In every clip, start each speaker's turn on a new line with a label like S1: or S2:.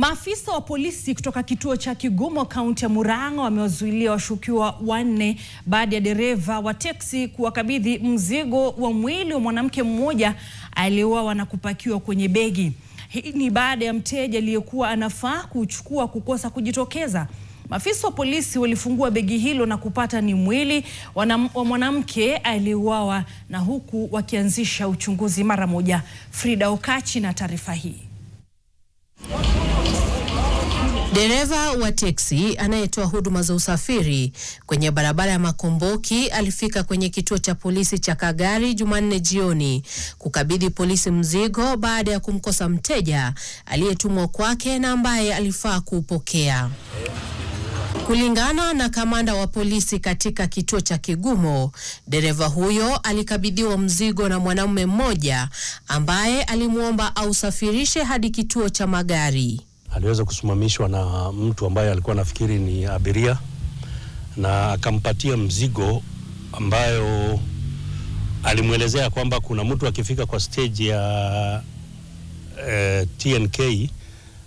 S1: Maafisa wa polisi kutoka kituo cha Kigumo kaunti ya Murang'a wamewazuilia washukiwa wanne baada ya dereva wa teksi kuwakabidhi mzigo wa mwili wa mwanamke mmoja aliyeuawa na kupakiwa kwenye begi. Hii ni baada ya mteja aliyekuwa anafaa kuchukua kukosa kujitokeza. Maafisa wa polisi walifungua begi hilo na kupata ni mwili wa mwanamke aliyeuawa na huku wakianzisha uchunguzi mara moja. Frida Okachi na taarifa hii.
S2: Dereva wa teksi anayetoa huduma za usafiri kwenye barabara ya Makomboki alifika kwenye kituo cha polisi cha Kagari Jumanne jioni kukabidhi polisi mzigo baada ya kumkosa mteja aliyetumwa kwake na ambaye alifaa kuupokea. Kulingana na kamanda wa polisi katika kituo cha Kigumo, dereva huyo alikabidhiwa mzigo na mwanamume mmoja ambaye alimwomba ausafirishe hadi kituo cha magari
S3: aliweza kusimamishwa na mtu ambaye alikuwa nafikiri ni abiria, na akampatia mzigo ambayo alimwelezea kwamba kuna mtu akifika kwa stage ya eh, TNK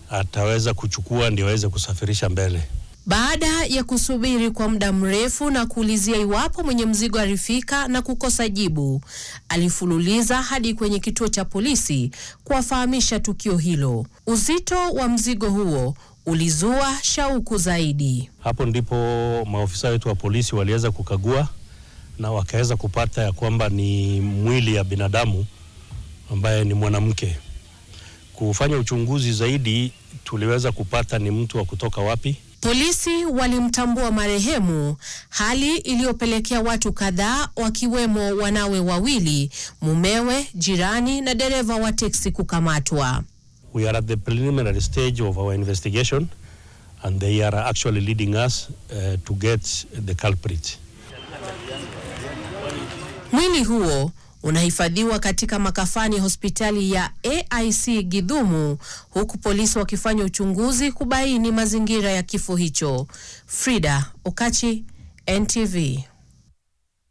S3: ataweza kuchukua ndio aweze kusafirisha mbele.
S2: Baada ya kusubiri kwa muda mrefu na kuulizia iwapo mwenye mzigo alifika na kukosa jibu, alifululiza hadi kwenye kituo cha polisi kuwafahamisha tukio hilo. Uzito wa mzigo huo ulizua shauku zaidi.
S3: Hapo ndipo maofisa wetu wa polisi waliweza kukagua na wakaweza kupata ya kwamba ni mwili ya binadamu ambaye ni mwanamke. Kufanya uchunguzi zaidi, tuliweza kupata ni mtu wa kutoka wapi.
S2: Polisi walimtambua marehemu, hali iliyopelekea watu kadhaa wakiwemo wanawe wawili, mumewe, jirani na dereva wa teksi kukamatwa.
S4: We are at the preliminary stage of our investigation and they are actually leading us uh, to get the culprit.
S2: Mwili huo unahifadhiwa katika makafani hospitali ya AIC Githumu, huku polisi wakifanya uchunguzi kubaini mazingira ya kifo hicho. Frida Okachi, NTV.